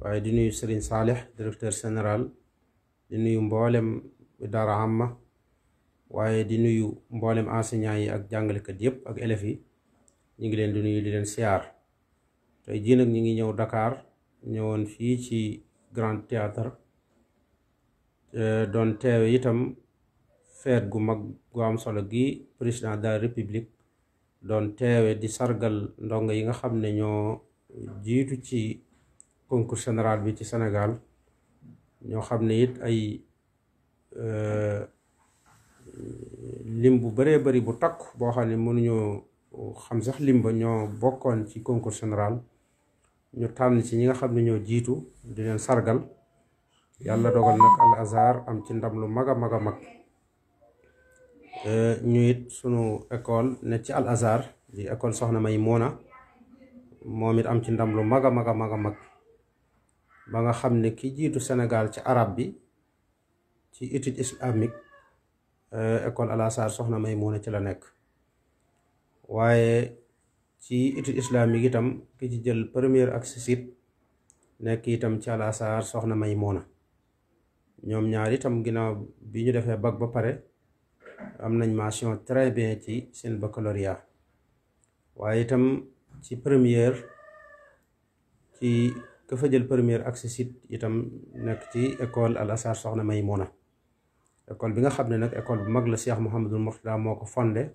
waaye di nuyu Serigne Salih directeur général di nuyu mboolem daara amma waaye di nuyu mboolem enseignants yi ak jàngalekat yépp ak élèves yi ñu ngi leen di nuyu di leen siyaar tey jii nag ñi ngi ñëw dakaar ñëwoon fii ci Grand Théâtre doon teewe itam fête gu mag gu am solo gi président de la république doon teewe di sargal ndongo yi nga xam ne ñoo jiitu ci concours général bi ci Sénégal ño xamné yit it ay euh, lim bu bëree bëri bu takk bo xamné mënu ñu xam sax lim ba ñoo ci concours général ñu tànn ci ñi nga di len sargal yalla dogal nak Al azar am ci ndam lu maga maga mag euh ñu it sunu école ne ci Al azar di école soxna May mona momit am ci ndam lu maga maga maga mag ba nga xam ne ki jiitu senegal ci arab bi ci étude islamique euh, école Al Azhar soxna Maymuna ci la nekk waaye ci étude islamique itam ki ci jël première ak sisit nekk itam ci Al Azhar soxna Maymuna ñoom ñaar itam ginnaaw bi ñu defee bac ba pare am nañ mention très bien ci seen baccalauréat waaye itam ci première ci ka fa jël première accessit itam nekk ci école al azhar soxna Maymuna école bi nga xam ne nag école bu mag la Cheikh Mouhamadul Mourtada moo ko fondé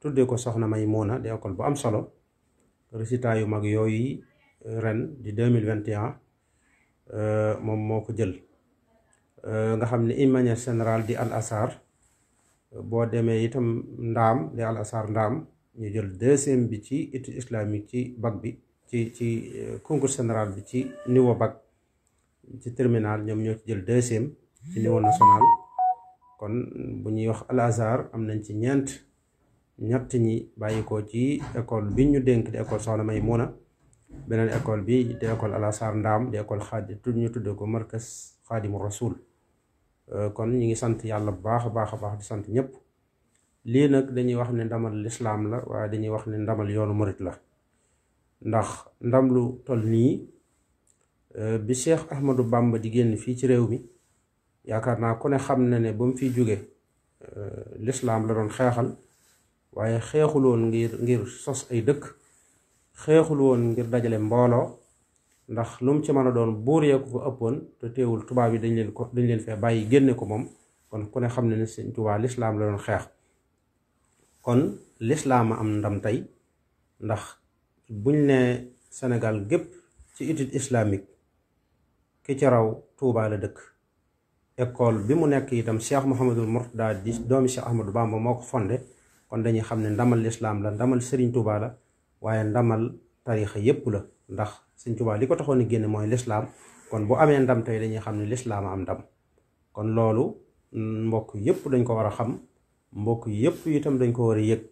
tuddee ko soxna Maymuna di école bu am solo résultat yu mag yooyu ren di 2021 moom moo ko jël nga xam ne une manière générale di al azhar boo demee itam ndaam di al azhar ndaam ñu jël deuxième bi ci étude islamique ci bac bi ci ci euh, concours général bi ci niveau bac ci terminal ñoom ñoo ci jël deuxième ci niveau national kon bu ñuy wax al azhar am nañ ci ñeent ñett ñi bàyyi ko ci école bi ñu dénk di école Soxna May Muna beneen école bi di école al azhar ndaam di école xaadi tudd ñu tuddee ko markas xaadimu rasul euh, kon ñu ngi sant yàlla bu baax a baax a baax di sant ñëpp lii nag dañuy wax ne ndamal lislaam la waaye dañuy wax ne ndamal yoonu murit la ndax ndam lu toll nii euh, bi Cheikh Ahmadou Bamba di génn fii ci réew mi yaakaar naa ku ne xam na ne ba mu fiy jóge euh, lislaam la doon xeexal waaye xeexul woon ngir ngir sos ay dëkk xeexul woon ngir dajale mbooloo ndax lu mu ci mën a doon buur yee ko ëppoon te teewul tubaab yi dañ leen ko dañ leen fee bàyyi génne ko moom kon ku ne xam ne ne sëñ Tuubaa lislaam la doon xeex kon lislaam a am ndam tey ndax buñ ne Sénégal gépp ci étude islamique ki ci raw Touba la dëkk école bi mu nekk itam Cheikh Mouhamadul Mourtada di doomi Cheikh Ahmadou ma moo ko fonde kon dañuy xam ne ndamal lislaam la ndamal Serigne Touba la waaye ndamal tarixa yépp la ndax Serigne Touba li ko taxoon a génne mooy lislaam kon bu amee ndam tey dañuy xam ne lislaam am ndam kon loolu mm, mbokk yépp dañ ko war a xam mbokk yépp itam dañ ko war a yëg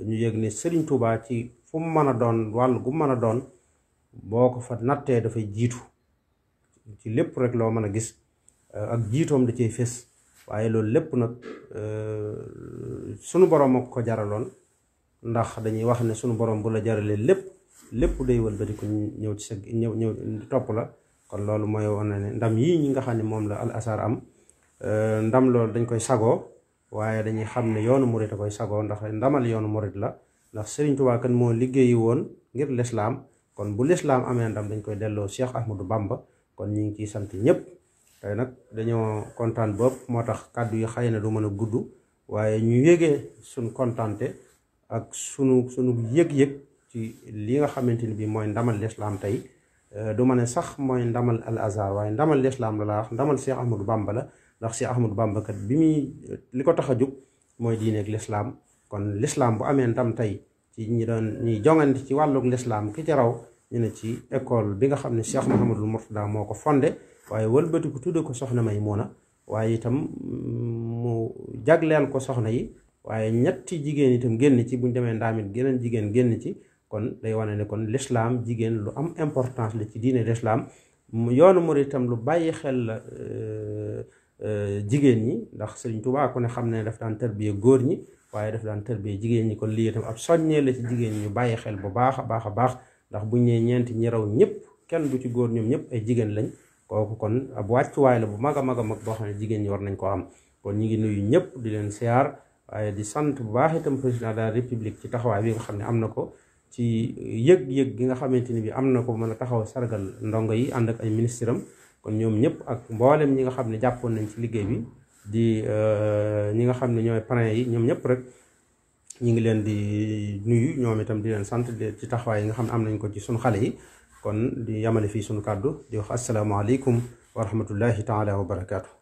ñu yëg ni sëriñ Touba ci fu mu mën a doon wàll gu mën a doon boo ko fa nattee dafay jiitu ci lépp rek loo mën a gis euh, ak jiitoom da cay fés waaye loolu lépp nag euh, sunu borom ak ko jaraloon ndax dañuy wax ne sunu borom bu la jaralee lépp lépp day wëlbati ko ñëw ci sa ñëw ñëw topp la kon loolu mooy na ne ndam yi ñi nga xam ne moom la al asar am euh, ndam loolu dañ koy sagoo waaye dañuy xam ne yoonu murit a koy sagoo ndax ndamal yoonu murit la ndax Serigne Touba kan moo liggéeyi woon ngir lislaam kon bu lislaam amee ndam dañ koy delloo Cheikh du Bamba kon ñu ngi ciy sant ñëpp nag dañoo kontaan bopp moo tax kàddu yi xëy na du mën a gudd waaye ñu yégee suñ kontaante ak sunu sunu yëg-yëg ci li nga xamante ni bii mooy ndamal lislaam tey euh, du ma ne sax mooy ndamal al azhar waaye ndamal lislaam la ndamal Cheikh Ahmadou Bamba la ndax si Ahmadu Bamba kat bi muy li ko tax a jóg mooy diineeg lislaam kon lislaam bu amee ndam tey ci ñi doon ñuy jongante ci wàllug lislaam ki ci raw ñu ne ci école bi nga xam ne Cheikh Mouhamadul Mourtada moo ko fondé waaye wëlbatiku tudde ko soxna may na waaye itam mu jagleen ko soxna yi waaye ñetti jigéen itam génn ci buñ demee ndaamit geneen jigéen génn ci kon day wane ne kon lislaam jigéen lu am importance la ci diine lislaam yoonu murit itam lu bàyyi xel euh, Euh, jigéen ñi ndax Sëriñ Tuubaa ku ne xam ne daf daan tërbiye góor ñi waaye daf daan tërbiye jigéen ñi kon lii itam ab soññee la ci jigéen ñi ñu bàyyi xel bu baax a baax a baax ndax bu ñee ñeenti ñi raw ñëpp kenn du ci góor ñoom ñëpp ay jigéen lañ kooku kon ab wàccuwaay la bu mag a mag a mag ne jigéen ñi war nañ ko am kon ñi ngi nuyu ñëpp di leen siyaar waaye di sant bu baax itam président de république ci taxawaay bi nga xam ne am na ko ci yëg-yëg gi nga xamante ni bi am na ko mën a taxaw sargal ndongo yi ànd ak ay ministre am kon ñoom ñëpp ak mboolem ñi nga xam ne jàppoon nañ ci liggéey bi di euh, ñi nga xam ne ñooy parrain yi ñoom ñëpp rek ñu ngi leen di nuyu ñoom itam di leen sant ci taxawaay yi nga xam ne am nañ ko ci suñu xale yi kon di yamale fii suñu kàddu di wax asalaamaaleykum wa rahmatullahi taala wa barakaatu.